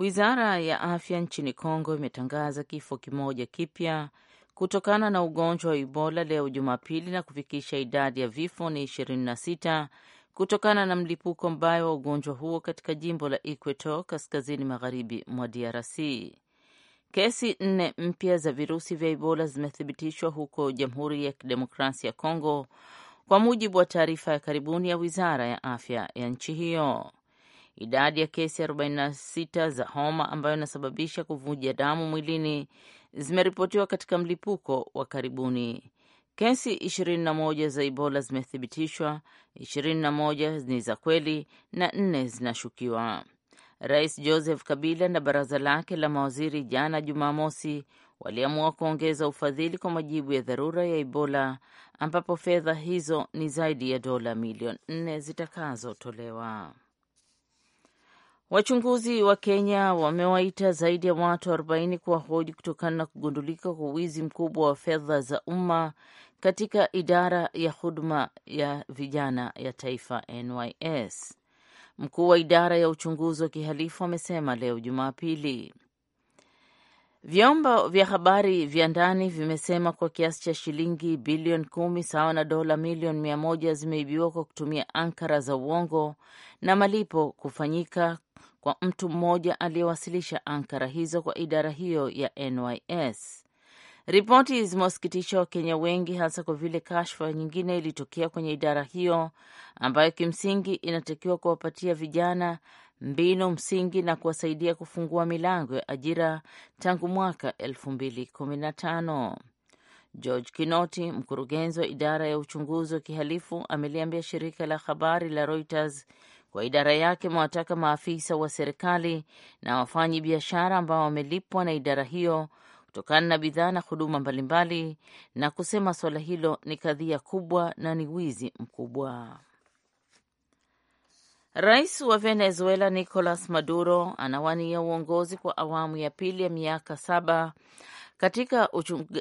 Wizara ya afya nchini Kongo imetangaza kifo kimoja kipya kutokana na ugonjwa wa Ebola leo Jumapili na kufikisha idadi ya vifo ni 26 kutokana na mlipuko mbaya wa ugonjwa huo katika jimbo la Equator kaskazini magharibi mwa DRC. Kesi nne mpya za virusi vya Ebola zimethibitishwa huko Jamhuri ya Kidemokrasia ya Kongo, kwa mujibu wa taarifa ya karibuni ya Wizara ya Afya ya nchi hiyo. Idadi ya kesi 46 za homa ambayo inasababisha kuvuja damu mwilini zimeripotiwa katika mlipuko wa karibuni. Kesi 21 za Ebola zimethibitishwa, 21 ni za kweli na nne zinashukiwa. Rais Joseph Kabila na baraza lake la mawaziri jana Jumamosi waliamua kuongeza ufadhili kwa majibu ya dharura ya Ebola, ambapo fedha hizo ni zaidi ya dola milioni nne zitakazotolewa. Wachunguzi wa Kenya wamewaita zaidi ya watu 40 kuwahoji kutokana na kugundulika kwa wizi mkubwa wa fedha za umma katika idara ya huduma ya vijana ya taifa NYS. Mkuu wa idara ya uchunguzi wa kihalifu amesema leo Jumapili Vyombo vya habari vya ndani vimesema kwa kiasi cha shilingi bilioni kumi sawa na dola milioni mia moja zimeibiwa kwa kutumia ankara za uongo na malipo kufanyika kwa mtu mmoja aliyewasilisha ankara hizo kwa idara hiyo ya NYS. Ripoti zimewasikitisha Wakenya wengi hasa kwa vile kashfa nyingine ilitokea kwenye idara hiyo ambayo kimsingi inatakiwa kuwapatia vijana mbinu msingi na kuwasaidia kufungua milango ya ajira tangu mwaka elfu mbili kumi na tano. George Kinoti, mkurugenzi wa idara ya uchunguzi wa kihalifu, ameliambia shirika la habari la Reuters kwa idara yake mewataka maafisa wa serikali na wafanyi biashara ambao wamelipwa na idara hiyo kutokana na bidhaa na huduma mbalimbali, na kusema suala hilo ni kadhia kubwa na ni wizi mkubwa. Rais wa Venezuela Nicolas Maduro anawania uongozi kwa awamu ya pili ya miaka saba katika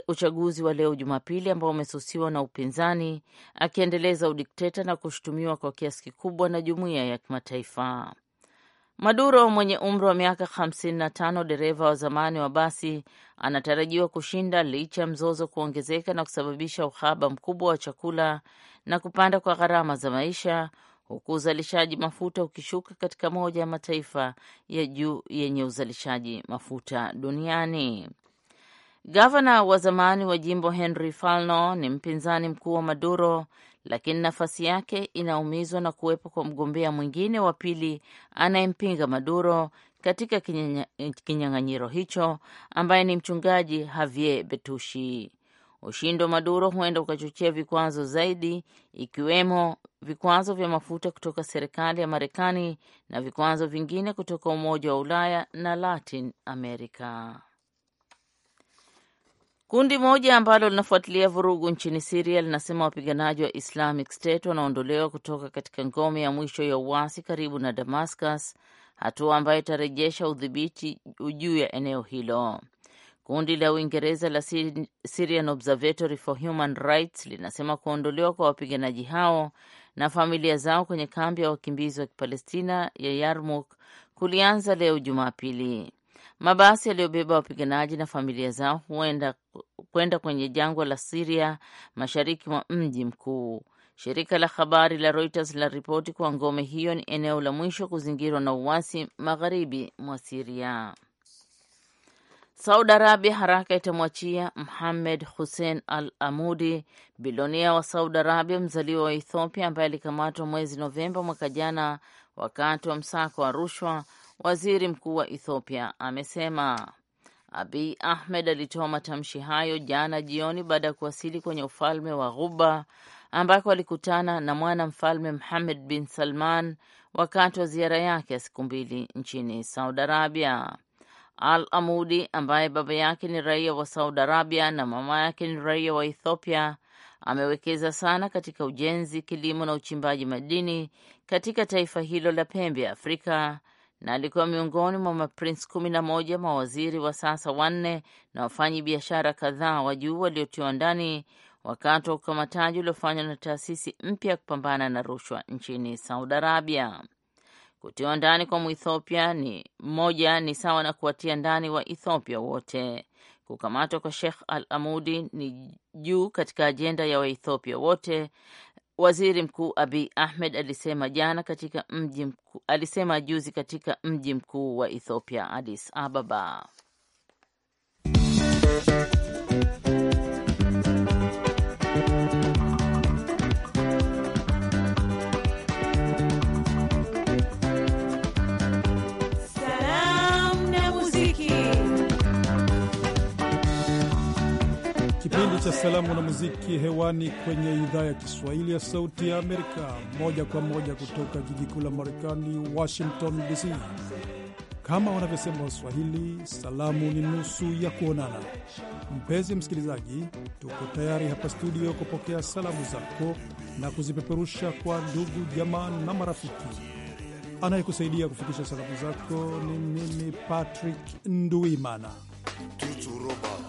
uchaguzi wa leo Jumapili ambao umesusiwa na upinzani, akiendeleza udikteta na kushutumiwa kwa kiasi kikubwa na jumuiya ya kimataifa. Maduro mwenye umri wa miaka 55, dereva wa zamani wa basi, anatarajiwa kushinda licha ya mzozo kuongezeka na kusababisha uhaba mkubwa wa chakula na kupanda kwa gharama za maisha, huku uzalishaji mafuta ukishuka katika moja ya mataifa ya juu yenye uzalishaji mafuta duniani. Gavana wa zamani wa jimbo Henry Falno ni mpinzani mkuu wa Maduro, lakini nafasi yake inaumizwa na kuwepo kwa mgombea mwingine wa pili anayempinga Maduro katika kinyang'anyiro hicho ambaye ni mchungaji Javier Betushi. Ushindi wa Maduro huenda ukachochea vikwazo zaidi, ikiwemo vikwazo vya mafuta kutoka serikali ya Marekani na vikwazo vingine kutoka Umoja wa Ulaya na Latin America. Kundi moja ambalo linafuatilia vurugu nchini Siria linasema wapiganaji wa Islamic State wanaondolewa kutoka katika ngome ya mwisho ya uasi karibu na Damascus, hatua ambayo itarejesha udhibiti juu ya eneo hilo. Kundi la Uingereza la Syrian Observatory for Human Rights linasema kuondolewa kwa wapiganaji hao na familia zao kwenye kambi ya wakimbizi wa Kipalestina ya Yarmuk kulianza leo Jumapili. Mabasi yaliyobeba wapiganaji na familia zao huenda kwenda kwenye jangwa la Siria mashariki mwa mji mkuu. Shirika la habari la Reuters linaripoti kuwa ngome hiyo ni eneo la mwisho kuzingirwa na uasi magharibi mwa Siria. Saudi Arabia haraka itamwachia Muhamed Hussein Al Amudi, bilionea wa Saudi Arabia mzaliwa wa Ethiopia ambaye alikamatwa mwezi Novemba mwaka jana wakati wa msako wa rushwa. Waziri mkuu wa Ethiopia amesema. abi Ahmed alitoa matamshi hayo jana jioni baada ya kuwasili kwenye ufalme wa Ghuba ambako alikutana na mwana mfalme mhamed bin Salman wakati wa ziara yake ya siku mbili nchini Saudi Arabia. Al Amudi ambaye baba yake ni raia wa Saudi Arabia na mama yake ni raia wa Ethiopia amewekeza sana katika ujenzi, kilimo na uchimbaji madini katika taifa hilo la pembe ya Afrika na alikuwa miongoni mwa maprince kumi na moja, mawaziri wa sasa wanne na wafanyi biashara kadhaa wa juu waliotiwa ndani wakati wa ukamataji uliofanywa na taasisi mpya ya kupambana na rushwa nchini Saudi Arabia. Kutiwa ndani kwa Mwethiopia ni moja ni sawa na kuwatia ndani wa Ethiopia wote. Kukamatwa kwa Sheikh Al Amudi ni juu katika ajenda ya Waethiopia wote, Waziri Mkuu abi Ahmed alisema jana katika mji mkuu, alisema juzi katika mji mkuu wa Ethiopia Addis Ababa. cha salamu na muziki hewani kwenye idhaa ya Kiswahili ya Sauti ya Amerika, moja kwa moja kutoka jiji kuu la Marekani, Washington DC. Kama wanavyosema Waswahili, salamu ni nusu ya kuonana. Mpenzi msikilizaji, tuko tayari hapa studio kupokea salamu zako na kuzipeperusha kwa ndugu, jamaa na marafiki. Anayekusaidia kufikisha salamu zako ni mimi Patrick Nduimana Tuturoba.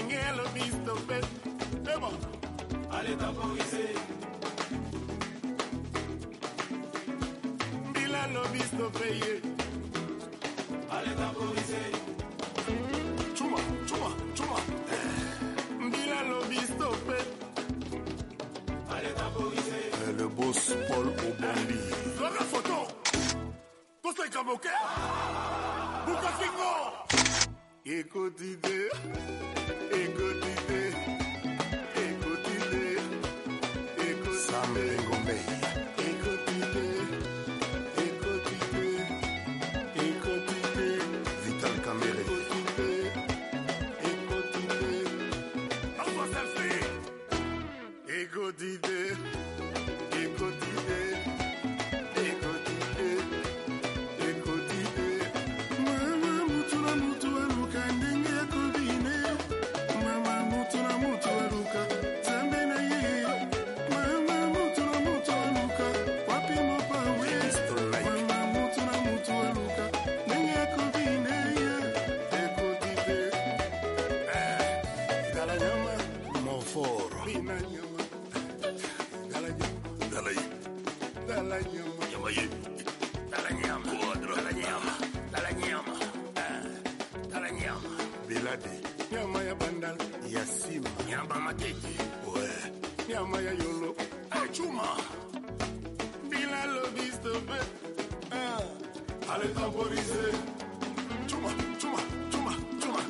Singelo is the best. Come on. Allez, temporiser. Bilal love is the payé. Allez, temporiser. Chuma, chuma, chuma. Bilal love is the best. Allez, temporiser. Eh, le boss Paul Obambi. Dans la photo. Tous les camoquets. Bukasingo. Écoute idée, allez temporiser. Tuma, tuma, tuma, tuma.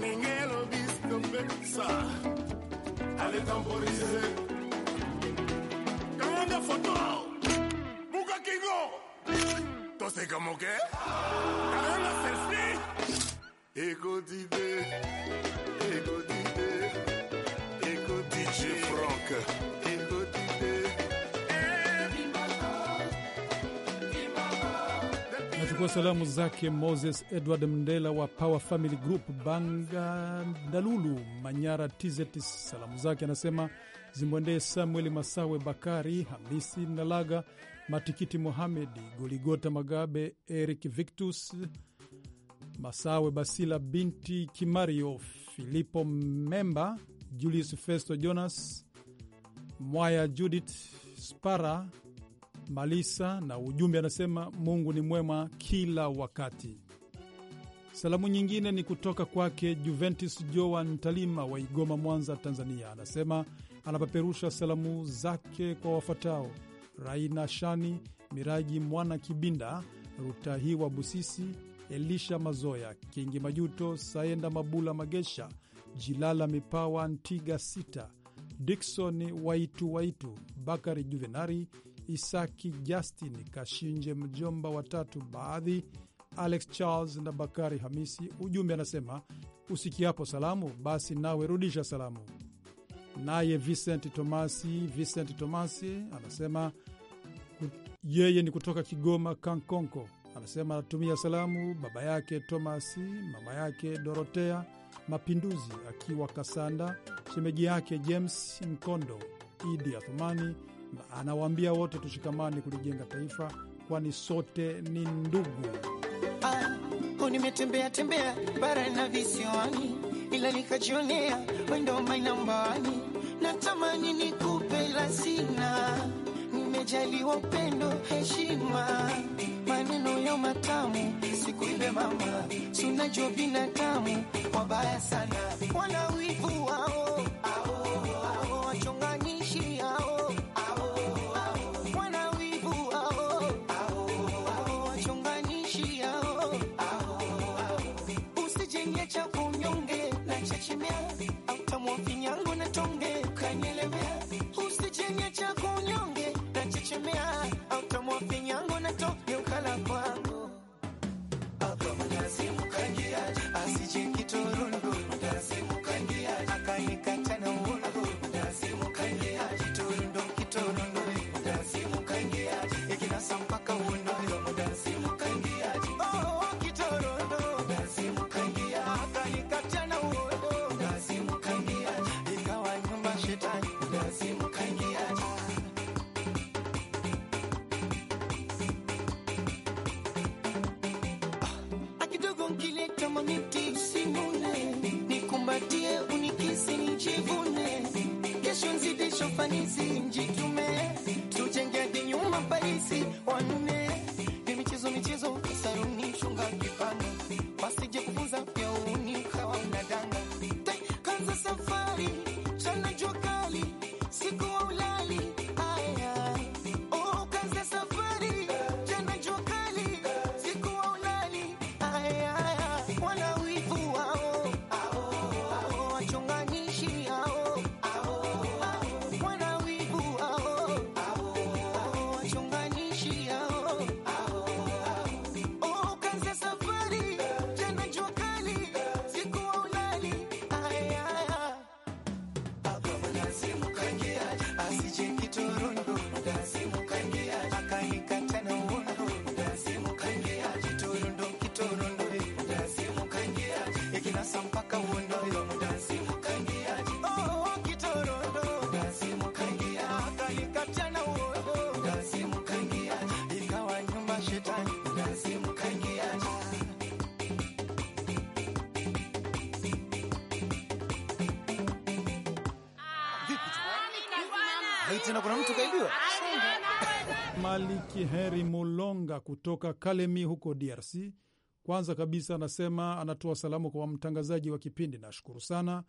Nengelo bisco bexa. Allez temporiser. Kamanda photo. Buka kingo. Tose como que? Kamanda selfie. Ego dide. Ego dide. Ego DJ Franck. Zilikuwa salamu zake Moses Edward Mndela wa Power Family Group Banga Ndalulu, Manyara TZ. Salamu zake anasema zimwendee Samuel Masawe, Bakari Hamisi Nalaga, Matikiti Mohamedi, Goligota Magabe, Eric Victus Masawe, Basila binti Kimario, Filipo Memba, Julius Festo Jonas Mwaya, Judith Spara Malisa na ujumbe anasema Mungu ni mwema kila wakati. Salamu nyingine ni kutoka kwake Juventus Joan Talima wa Igoma, Mwanza, Tanzania. Anasema anapeperusha salamu zake kwa wafuatao: Raina Shani, Miraji Mwana Kibinda, Rutahiwa Busisi, Elisha Mazoya, Kingi Majuto, Saenda Mabula Magesha, Jilala Mipawa Ntiga Sita, Diksoni Waitu Waitu, Bakari Juvenari Isaki Justin Kashinje, mjomba watatu baadhi, Alex Charles na Bakari Hamisi. Ujumbe anasema usikiapo salamu, basi nawe rudisha salamu. Naye Vincent Tomasi, Vincent Tomasi anasema yeye ni kutoka Kigoma Kankonko, anasema anatumia salamu baba yake Tomasi, mama yake Dorotea Mapinduzi akiwa Kasanda, shemeji yake James Mkondo, Idi Athumani Anawaambia wote tushikamane kulijenga taifa, kwani sote ni ndugu. Ah, nimetembea tembea bara na visiwani, ila nikajionea wendo mainambani, natamani nikupe sina, nimejaliwa upendo, heshima, maneno ya matamu, siku ile mama, sunajua binadamu wabaya sana Wana tena kuna mtu kaibiwa. Maliki Heri Mulonga kutoka Kalemi huko DRC. Kwanza kabisa anasema anatoa salamu kwa mtangazaji wa kipindi, nashukuru sana.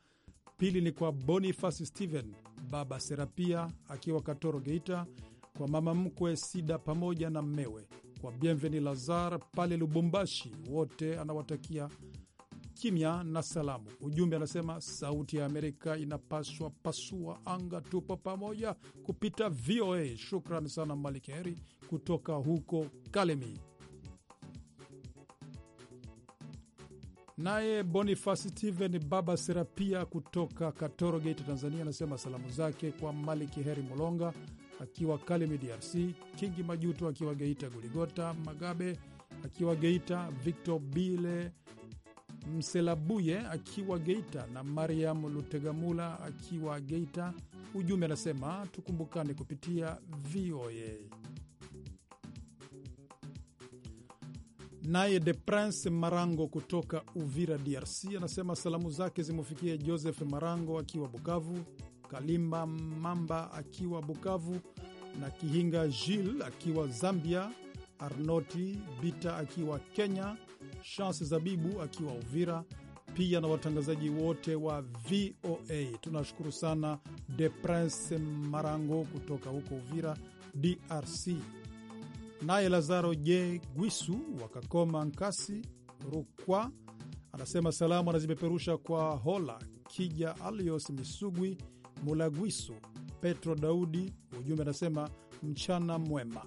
Pili ni kwa Boniface Steven, baba Serapia akiwa Katoro Geita, kwa mama mkwe Sida pamoja na mmewe, kwa Bienveni Lazar pale Lubumbashi, wote anawatakia kimya na salamu. Ujumbe anasema Sauti ya Amerika inapaswa pasua anga, tupo pamoja kupita VOA. Shukran sana Malikeri kutoka huko Kalemi. Naye Bonifasi Steven Baba Serapia kutoka Katoro Gate, Tanzania, anasema salamu zake kwa Maliki Heri Molonga akiwa Kalemi, DRC, Kingi Majuto akiwa Geita, Guligota Magabe akiwa Geita, Victor Bile Mselabuye akiwa Geita na Mariam Lutegamula akiwa Geita. Ujumbe anasema tukumbukane kupitia VOA. Naye De Prince Marango kutoka Uvira, DRC, anasema salamu zake zimefikia Joseph Marango akiwa Bukavu, Kalimba Mamba akiwa Bukavu na Kihinga Gil akiwa Zambia, Arnoti Bita akiwa Kenya, shanse Zabibu akiwa Uvira, pia na watangazaji wote wa VOA. Tunashukuru sana De Prince Marango kutoka huko Uvira, DRC, naye Lazaro J Gwisu wa Kakoma, Nkasi, Rukwa anasema salamu anazipeperusha kwa Hola Kija, Alios Misugwi, Mulagwisu, Petro Daudi. Ujumbe anasema mchana mwema.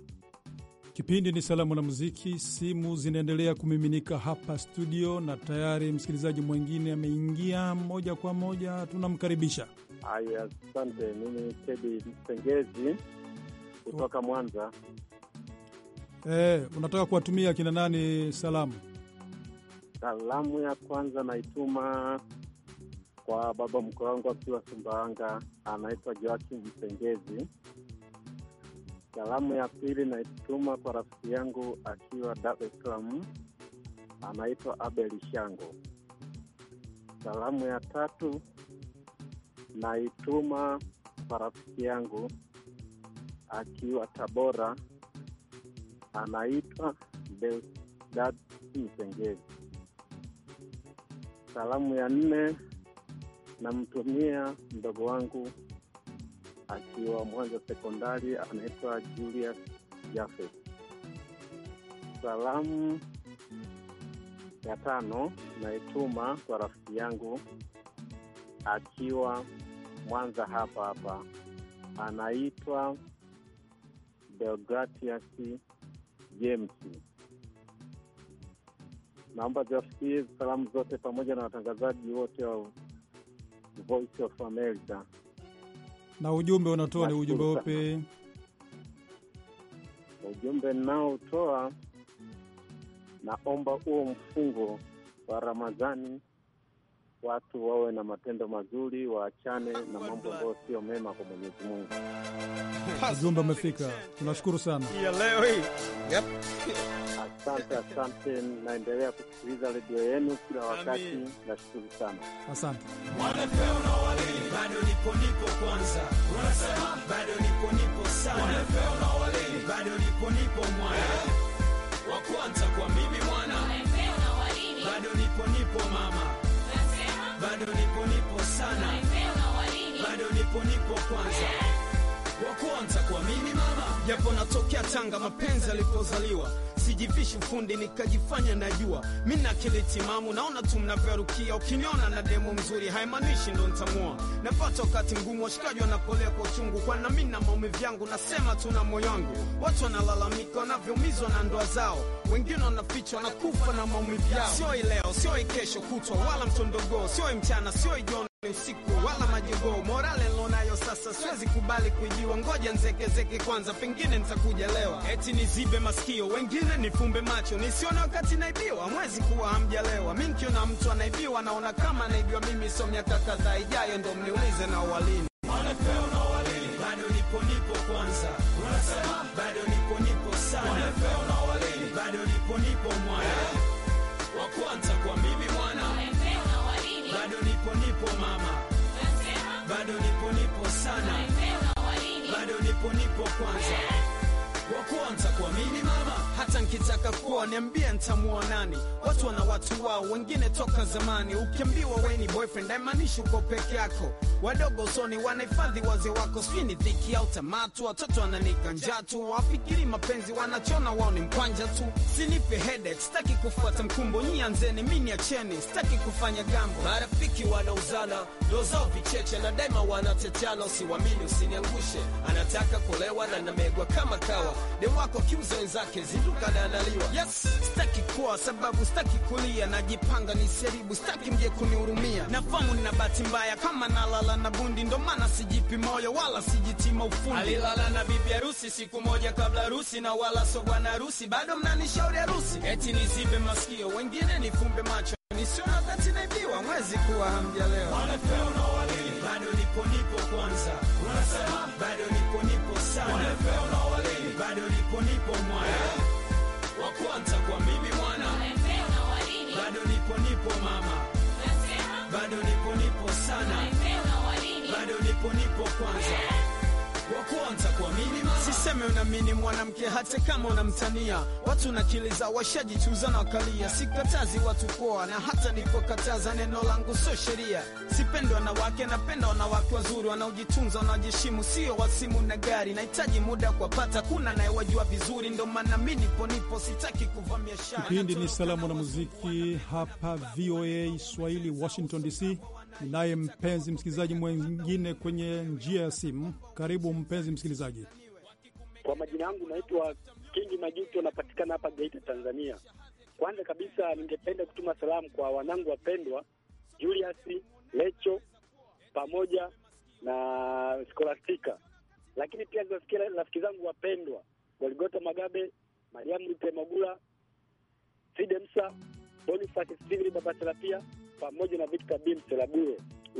Kipindi ni salamu na muziki. Simu zinaendelea kumiminika hapa studio, na tayari msikilizaji mwingine ameingia moja kwa moja, tunamkaribisha. Haya, asante. Mimi Tedi Msengezi kutoka Mwanza. Eh, unataka kuwatumia kina nani salamu? Salamu ya kwanza naituma kwa baba mkwe wangu akiwa Sumbawanga, anaitwa Joakim Msengezi Salamu ya pili naituma kwa rafiki yangu akiwa Dar es Salaam, anaitwa Abel Shango. Salamu ya tatu naituma kwa rafiki yangu akiwa Tabora, anaitwa Deusdad Msengezi. Salamu ya nne namtumia mdogo wangu akiwa Mwanza sekondari, anaitwa Julius jafe Salamu ya tano naituma kwa rafiki yangu akiwa Mwanza hapa hapa, anaitwa Deogratias James. Naomba ziwafikie salamu zote pamoja na watangazaji wote wa Voice of America. Na ujumbe unatoa ni ujumbe upi? Ujumbe ninaotoa, naomba huo mfungo wa Ramadhani watu wawe na matendo mazuri, waachane na mambo ambayo sio mema kwa Mwenyezi Mungu. Ujumbe umefika, tunashukuru sana ya leo hii. Yep. Asante, asante, naendelea kusikiliza redio yenu kila wakati. Nashukuru sana, asante. na walei bado nipo nipo, kwanza unasema bado nipo nipo sana. na bado nipo nipo, mwana wa kwanza kwa mimi, mwana bado nipo nipo, mama bado nipo nipo sana, bado nipo nipo kwanza kwanza kwa mimi mama, japo natokea Tanga, mapenzi alipozaliwa sijivishi fundi nikajifanya najua mi na akili timamu, naona tu mnavyorukia. Ukiniona na demo mzuri haimaanishi ndo ntamua. Napata wakati mgumu, washikaji wanapolea kwa uchungu, kwana mi na maumivu yangu nasema tu na moyo wangu. Watu wanalalamika wanavyoumizwa na ndoa zao, wengine wanafichwa na kufa na maumivu yao. Sioi leo, sioi kesho kutwa, wala mtondogoo, sioi mchana, sioi jioni usiku wala majogoo, morale nilonayo sasa siwezi kubali kuijiwa, ngoja nzekezeke kwanza, pengine nitakuja lewa. Eti nizibe masikio, wengine nifumbe macho, nisione wakati naibiwa, mwezi kuwa hamjalewa. Mi nkiona mtu anaibiwa, naona kama naibiwa mimi, so miaka kadhaa ijayo ndo mniulize na walini bado nipo nipo kwanza bado nipo nipo sana, bado nipo nipo kwanza kuanza kuamini mama, hata nkitaka kuwa niambia ntamuonani. Watu wana watu wao, wengine toka zamani. Ukiambiwa we ni boyfriend haimaanishi uko peke yako. Wadogo soni wanahifadhi wazee wako, sijui ni dhiki au tamatu. Watoto wananika njaa tu, wafikiri mapenzi wanachona, wao ni mkwanja tu. Sinipe headache, sitaki kufuata mkumbo, nyi anzeni, mi niacheni, sitaki kufanya gambo. Marafiki wanauzana, ndio zao vicheche na daima wanatetana, usiwamini, usiniangushe. Anataka kulewa na namegwa kama kawa ni wako kiuza wenzake zinduka dadaliwa. Yes, sitaki kuwa sababu sitaki kulia, najipanga niseribu, sitaki mje kunihurumia. Nafamu nina bahati mbaya kama nalala na bundi, ndo maana sijipi moyo wala sijitima ufundi. Alilala na bibi harusi siku moja kabla harusi, na wala so bwana harusi, bado mnanishauri harusi, eti nizibe masikio, wengine nifumbe macho nisiona dhati naibiwa mwezi kuwa hamjalewa bado nipo nipo kwanza unasema bado nipo nipo sana bado nipo nipo mwana wa kwanza kwa mimi mwana bado nipo nipo mama bado nipo nipo sana bado nipo nipo kwanza yeah. Siseme unamini mwanamke hata kama unamtania, watu nakiliza washajichuza na wakalia. Sikatazi watu poa, na hata nikokataza neno langu sio sheria. Sipendwa na wake, napenda wanawake wazuri, wanaojitunza, wanaojiheshimu, sio wasimu na gari. Nahitaji muda kuwapata, kuna nayewajua vizuri, ndo maana mi nipo nipo, sitaki kuvamia shari. Kipindi ni salamu na muziki hapa VOA Swahili, Washington DC. Ninaye mpenzi msikilizaji mwengine kwenye njia ya simu. Karibu mpenzi msikilizaji. Kwa majina yangu naitwa Kingi Majuto, napatikana hapa Geita, Tanzania. Kwanza kabisa, ningependa kutuma salamu kwa wanangu wapendwa Julius Lecho pamoja na Skolastika, lakini pia rafiki zangu wapendwa Goligota Magabe, Mariamu Lutemagula, Sidemsa, Bonifasi Sivili, Baba pamoja na Victor kabim la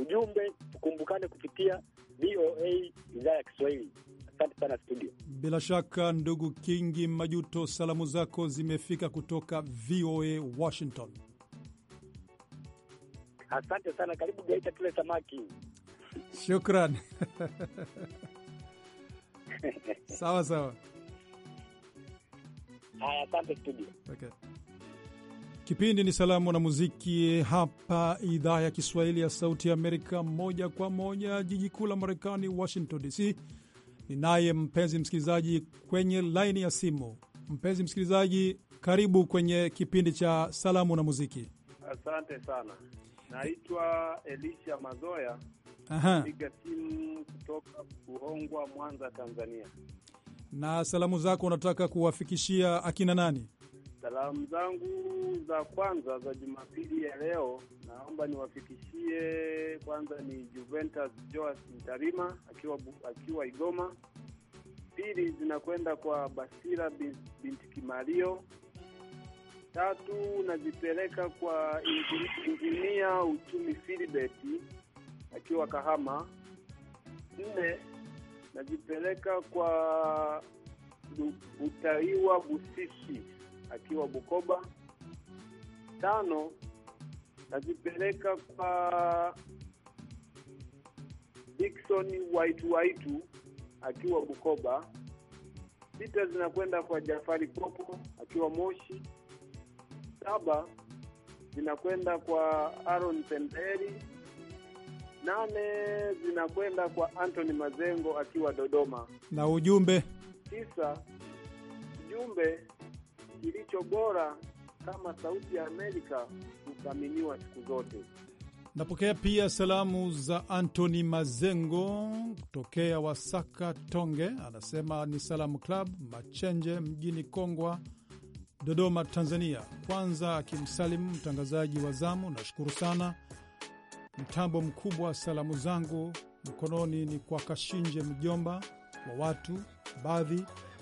Ujumbe tukumbukane kupitia VOA idhaa ya Kiswahili. Asante sana studio. Bila shaka, ndugu Kingi Majuto, salamu zako zimefika kutoka VOA Washington. Asante sana, karibu Geita tule samaki. Shukran. sawa sawa, haya, asante studio. Okay. Kipindi ni Salamu na Muziki hapa idhaa ya Kiswahili ya Sauti ya Amerika, moja kwa moja jiji kuu la Marekani, Washington DC. Ninaye mpenzi msikilizaji kwenye laini ya simu. Mpenzi msikilizaji, karibu kwenye kipindi cha Salamu na Muziki. Asante sana, naitwa Elisha Mazoya, piga simu kutoka Buhongwa, Mwanza, Tanzania. Na salamu zako unataka kuwafikishia akina nani? Salamu zangu za kwanza za Jumapili ya leo naomba niwafikishie, kwanza ni Juventus Joas Mtarima akiwa akiwa Igoma. Pili zinakwenda kwa Basira binti Kimario. Tatu nazipeleka kwa injinia uchumi Filibeti akiwa Kahama. Nne nazipeleka kwa utaiwa Busisi akiwa Bukoba. Tano nazipeleka kwa Dickson Waitu Waitu akiwa Bukoba. Sita zinakwenda kwa Jafari popo akiwa Moshi. Saba zinakwenda kwa Aaron Temberi. Nane zinakwenda kwa Anthony Mazengo akiwa Dodoma. Na ujumbe tisa, ujumbe kilicho bora kama Sauti ya Amerika kuthaminiwa siku zote. Napokea pia salamu za Antony Mazengo kutokea Wasaka Tonge, anasema ni Salamu Club Machenje mjini Kongwa, Dodoma, Tanzania. Kwanza akimsalimu mtangazaji wa zamu, nashukuru sana mtambo mkubwa. Salamu zangu mkononi ni kwa Kashinje mjomba wa watu, baadhi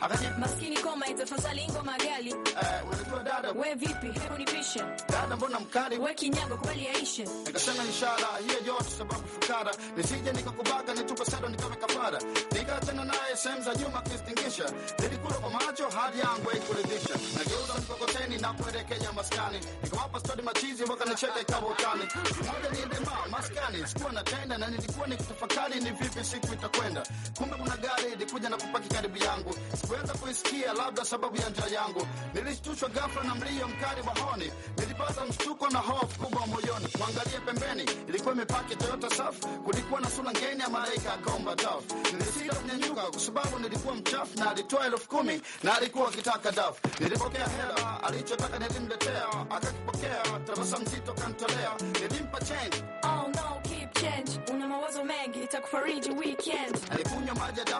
akasema maskini koma itafadhali ngoma gali. Eh, unajua dada, wewe vipi? Hebu nipishe dada, mbona mkali wewe kinyago, kubali yaishe. Nikasema inshallah hiyo yote sababu fukara nisije nikakubaka nitupe sado nikawe kafara. Nikaachana naye sehemu za nyuma kistingisha, nilikula kwa macho hadi yangu haikuridhisha, nageuza mkokoteni na kuelekea maskani, nikawapa stadi machizi wakanicheka ikawa utani. Mmoja ni dema maskani, sikuwa natenda na nilikuwa nikitafakari ni vipi siku itakwenda, kumbe kuna gari ilikuja na kupaki karibu yangu sikuweza kuisikia, labda sababu ya njaa yangu. Nilishtushwa ghafla na mlio mkali wa honi, nilipata mshtuko na hofu kubwa moyoni. Mwangalie pembeni, ilikuwa imepaki Toyota safi, kulikuwa na sura ngeni ya malaika akaomba dafu. Nilisita kunyanyuka kwa sababu nilikuwa mchafu, na alitoa elfu kumi na alikuwa akitaka dafu. Nilipokea hela, alichotaka nilimletea, akakipokea, tabasamu zito kanitolea, nilimpa change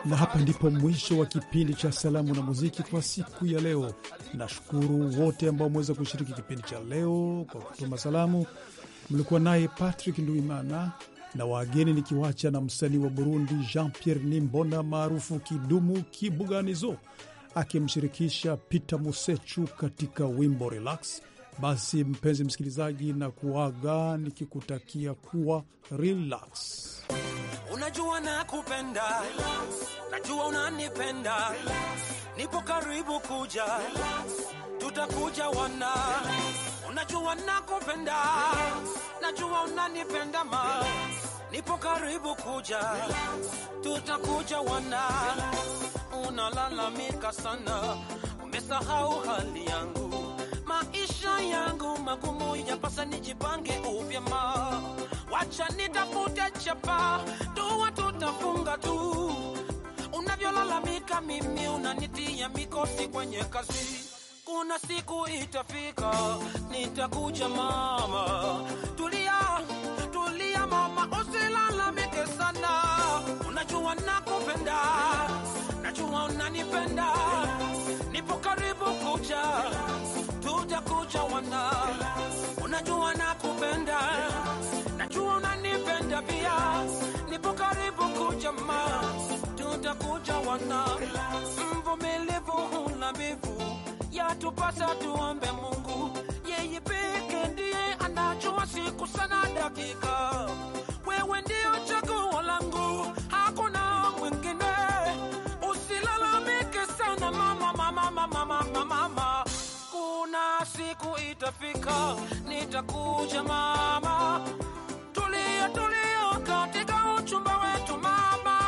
na hapa ndipo mwisho wa kipindi cha salamu na muziki kwa siku ya leo. Nashukuru wote ambao wameweza kushiriki kipindi cha leo kwa kutuma salamu. Mlikuwa naye Patrick Nduimana na wageni nikiwacha na msanii wa Burundi Jean Pierre Nimbona maarufu Kidumu Kibuganizo akimshirikisha Peter Musechu katika wimbo Relax basi mpenzi msikilizaji, na kuaga nikikutakia kuwa relax. Unajua nakupenda, najua unanipenda, nipo karibu kuja, tutakuja wana Unajua nakupenda, najua unanipenda ma nipo karibu kuja, tutakuja wana. Unalalamika sana, umesahau hali yangu yangu magumu, yapasa nijipange uvyema. Wacha nitafute chapa, dua tutafunga tu. Unavyolalamika, mimi unanitia mikosi kwenye kazi. Kuna siku itafika, nitakuja mama. Tulia, tulia mama, usilalamike sana. Unajua nakupenda, najua unanipenda, nipo karibu kuja utakuja wana, unajua nakupenda, najua unanipenda pia, nipo karibu kujama, tutakuja wana, mvumilivu unabivu yatupasa, tuombe Mungu, yeye peke ndiye anajua siku sana dakika itafika, nitakuja mama. Tulia, tulia katika uchumba wetu mama.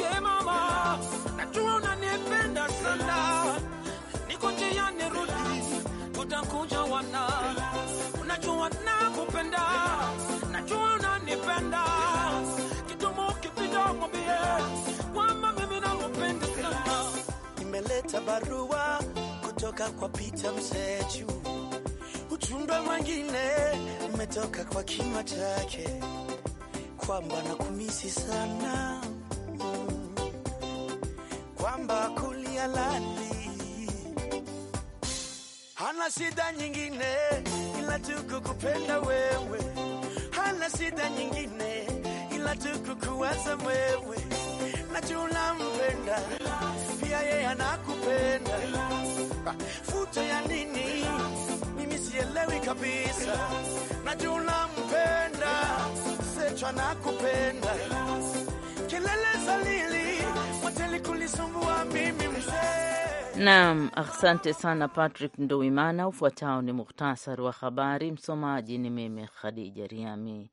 Ye mama, najua unanipenda sana, niko njia nirudi, utakuja wana, unajua nakupenda, najua unanipenda nimeleta barua umetoka kwa Pita Msechu, uchumbe mwingine umetoka kwa kima chake, kwamba nakumisi sana, kwamba kulia lali hana shida nyingine ila tu kukupenda wewe, hana shida nyingine ila tu kukuwaza wewe, najua mpenda pia, yeye anakupenda baba, futa ya nini? Mimi sielewi kabisa, najua unampenda secha na kelele za lili kulisumbua mimi mzee. Naam, asante sana Patrick Nduwimana. Ufuatao ni muhtasari wa habari, msomaji ni mimi Khadija Riami.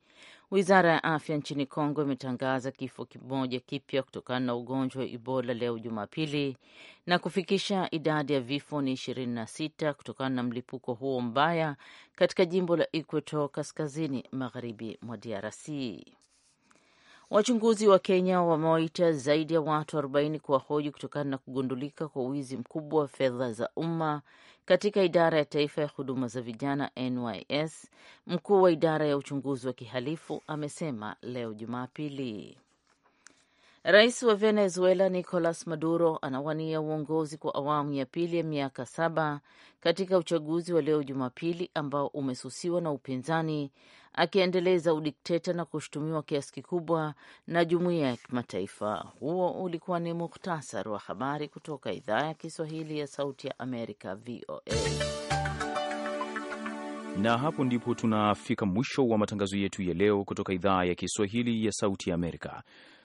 Wizara ya afya nchini Kongo imetangaza kifo kimoja kipya kutokana na ugonjwa wa Ebola leo Jumapili, na kufikisha idadi ya vifo ni 26 kutokana na mlipuko huo mbaya katika jimbo la Equator kaskazini magharibi mwa DRC. Wachunguzi wa Kenya wamewaita zaidi ya watu 40 kuwahoji kutokana na kugundulika kwa wizi mkubwa wa fedha za umma katika idara ya taifa ya huduma za vijana NYS. Mkuu wa idara ya uchunguzi wa kihalifu amesema leo Jumapili. Rais wa Venezuela Nicolas Maduro anawania uongozi kwa awamu ya pili ya miaka saba katika uchaguzi wa leo Jumapili ambao umesusiwa na upinzani, akiendeleza udikteta na kushutumiwa kiasi kikubwa na jumuiya ya kimataifa. Huo ulikuwa ni muhtasari wa habari kutoka idhaa ya Kiswahili ya Sauti ya Amerika, VOA. Na hapo ndipo tunafika mwisho wa matangazo yetu ya leo kutoka idhaa ya Kiswahili ya Sauti ya Amerika.